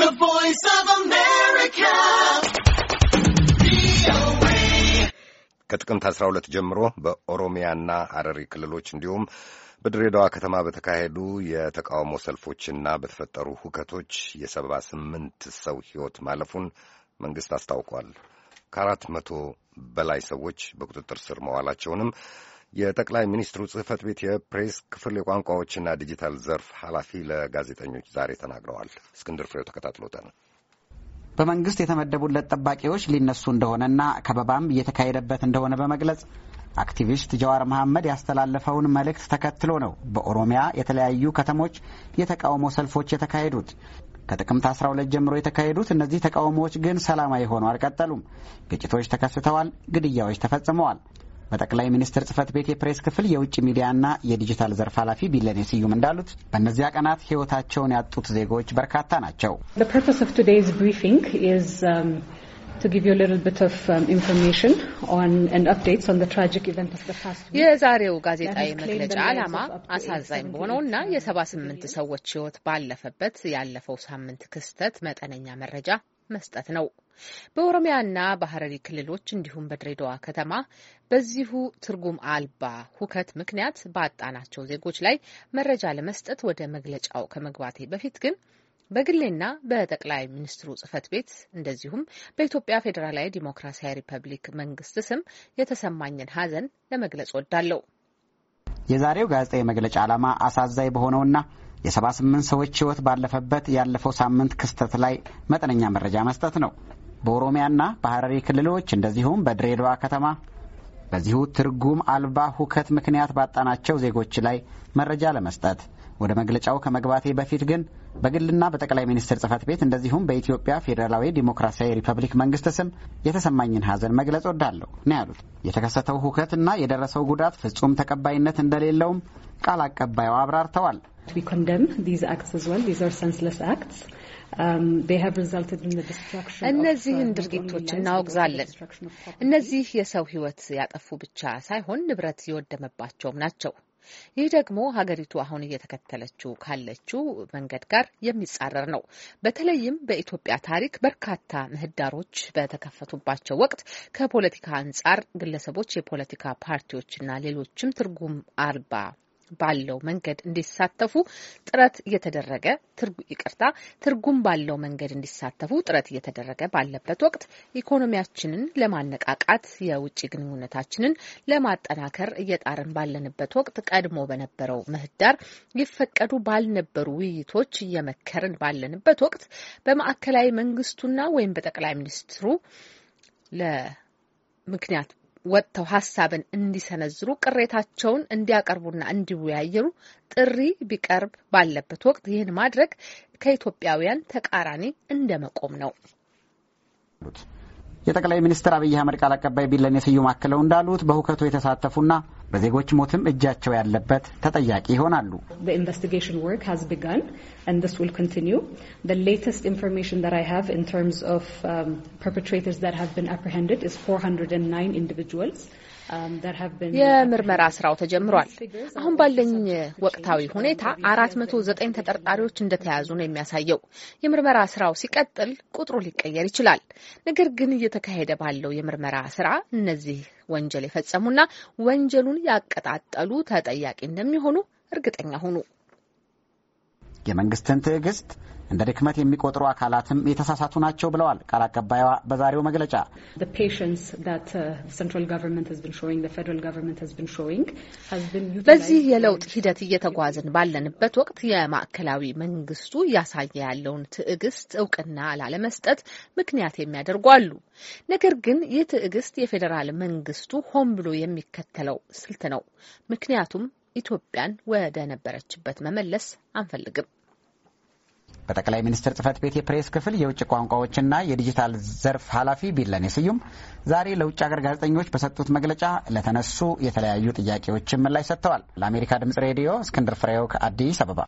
The Voice of America. ከጥቅምት 12 ጀምሮ በኦሮሚያና ሐረሪ ክልሎች እንዲሁም በድሬዳዋ ከተማ በተካሄዱ የተቃውሞ ሰልፎችና በተፈጠሩ ሁከቶች የሰባ ስምንት ሰው ሕይወት ማለፉን መንግሥት አስታውቋል። ከአራት መቶ በላይ ሰዎች በቁጥጥር ስር መዋላቸውንም የጠቅላይ ሚኒስትሩ ጽህፈት ቤት የፕሬስ ክፍል የቋንቋዎችና ዲጂታል ዘርፍ ኃላፊ ለጋዜጠኞች ዛሬ ተናግረዋል። እስክንድር ፍሬው ተከታትሎታል። በመንግስት የተመደቡለት ጠባቂዎች ሊነሱ እንደሆነና ከበባም እየተካሄደበት እንደሆነ በመግለጽ አክቲቪስት ጀዋር መሐመድ ያስተላለፈውን መልእክት ተከትሎ ነው በኦሮሚያ የተለያዩ ከተሞች የተቃውሞ ሰልፎች የተካሄዱት። ከጥቅምት 12 ጀምሮ የተካሄዱት እነዚህ ተቃውሞዎች ግን ሰላማዊ ሆነው አልቀጠሉም። ግጭቶች ተከስተዋል፣ ግድያዎች ተፈጽመዋል። በጠቅላይ ሚኒስትር ጽህፈት ቤት የፕሬስ ክፍል የውጭ ሚዲያና የዲጂታል ዘርፍ ኃላፊ ቢለኔ ስዩም እንዳሉት በእነዚያ ቀናት ህይወታቸውን ያጡት ዜጎች በርካታ ናቸው። um, um, የዛሬው ጋዜጣዊ መግለጫ ዓላማ አሳዛኝ በሆነውና የሰባ ስምንት ሰዎች ህይወት ባለፈበት ያለፈው ሳምንት ክስተት መጠነኛ መረጃ መስጠት ነው። በኦሮሚያና በሐረሪ ክልሎች እንዲሁም በድሬዳዋ ከተማ በዚሁ ትርጉም አልባ ሁከት ምክንያት ባጣናቸው ዜጎች ላይ መረጃ ለመስጠት ወደ መግለጫው ከመግባቴ በፊት ግን በግሌና በጠቅላይ ሚኒስትሩ ጽህፈት ቤት እንደዚሁም በኢትዮጵያ ፌዴራላዊ ዲሞክራሲያዊ ሪፐብሊክ መንግስት ስም የተሰማኝን ሀዘን ለመግለጽ ወዳለው የዛሬው ጋዜጣዊ መግለጫ ዓላማ አሳዛኝ በሆነውና የሰባ ስምንት ሰዎች ህይወት ባለፈበት ያለፈው ሳምንት ክስተት ላይ መጠነኛ መረጃ መስጠት ነው። በኦሮሚያና በሐረሪ ክልሎች እንደዚሁም በድሬዳዋ ከተማ በዚሁ ትርጉም አልባ ሁከት ምክንያት ባጣናቸው ዜጎች ላይ መረጃ ለመስጠት ወደ መግለጫው ከመግባቴ በፊት ግን በግልና በጠቅላይ ሚኒስትር ጽህፈት ቤት እንደዚሁም በኢትዮጵያ ፌዴራላዊ ዲሞክራሲያዊ ሪፐብሊክ መንግስት ስም የተሰማኝን ሐዘን መግለጽ ወዳለሁ ነው ያሉት። የተከሰተው ሁከትና የደረሰው ጉዳት ፍጹም ተቀባይነት እንደሌለውም ቃል አቀባዩ አብራርተዋል። um, እነዚህን uh, ድርጊቶች እናወግዛለን። እነዚህ የሰው ህይወት ያጠፉ ብቻ ሳይሆን ንብረት የወደመባቸውም ናቸው። ይህ ደግሞ ሀገሪቱ አሁን እየተከተለችው ካለችው መንገድ ጋር የሚጻረር ነው። በተለይም በኢትዮጵያ ታሪክ በርካታ ምህዳሮች በተከፈቱባቸው ወቅት ከፖለቲካ አንጻር ግለሰቦች፣ የፖለቲካ ፓርቲዎችና ሌሎችም ትርጉም አልባ ባለው መንገድ እንዲሳተፉ ጥረት እየተደረገ ይቅርታ፣ ትርጉም ባለው መንገድ እንዲሳተፉ ጥረት እየተደረገ ባለበት ወቅት ኢኮኖሚያችንን ለማነቃቃት የውጭ ግንኙነታችንን ለማጠናከር እየጣርን ባለንበት ወቅት ቀድሞ በነበረው ምህዳር ይፈቀዱ ባልነበሩ ውይይቶች እየመከርን ባለንበት ወቅት በማዕከላዊ መንግስቱና ወይም በጠቅላይ ሚኒስትሩ ለምክንያት ወጥተው ሀሳብን እንዲሰነዝሩ ቅሬታቸውን እንዲያቀርቡና እንዲወያየሩ ጥሪ ቢቀርብ ባለበት ወቅት ይህን ማድረግ ከኢትዮጵያውያን ተቃራኒ እንደመቆም ነው። የጠቅላይ ሚኒስትር አብይ አህመድ ቃል አቀባይ ቢለኔ ስዩም አክለው እንዳሉት በሁከቱ የተሳተፉና በዜጎች ሞትም እጃቸው ያለበት ተጠያቂ ይሆናሉ። um, um, የምርመራ ስራው ተጀምሯል። አሁን ባለኝ ወቅታዊ ሁኔታ አራት መቶ ዘጠኝ ተጠርጣሪዎች እንደተያዙ ነው የሚያሳየው። የምርመራ ስራው ሲቀጥል ቁጥሩ ሊቀየር ይችላል። ነገር ግን እየተካሄደ ባለው የምርመራ ስራ እነዚህ ወንጀል የፈጸሙና ወንጀሉን ያቀጣጠሉ ተጠያቂ እንደሚሆኑ እርግጠኛ ሆኑ። የመንግስትን ትዕግስት እንደ ድክመት የሚቆጥሩ አካላትም የተሳሳቱ ናቸው ብለዋል ቃል አቀባይዋ በዛሬው መግለጫ። uh, በዚህ የለውጥ ሂደት እየተጓዝን ባለንበት ወቅት የማዕከላዊ መንግስቱ እያሳየ ያለውን ትዕግስት እውቅና ላለመስጠት ምክንያት የሚያደርጉ አሉ። ነገር ግን ይህ ትዕግስት የፌዴራል መንግስቱ ሆን ብሎ የሚከተለው ስልት ነው። ምክንያቱም ኢትዮጵያን ወደ ነበረችበት መመለስ አንፈልግም። በጠቅላይ ሚኒስትር ጽህፈት ቤት የፕሬስ ክፍል የውጭ ቋንቋዎችና የዲጂታል ዘርፍ ኃላፊ ቢለኔ ስዩም ዛሬ ለውጭ ሀገር ጋዜጠኞች በሰጡት መግለጫ ለተነሱ የተለያዩ ጥያቄዎችን ምላሽ ሰጥተዋል። ለአሜሪካ ድምጽ ሬዲዮ እስክንድር ፍሬው ከአዲስ አበባ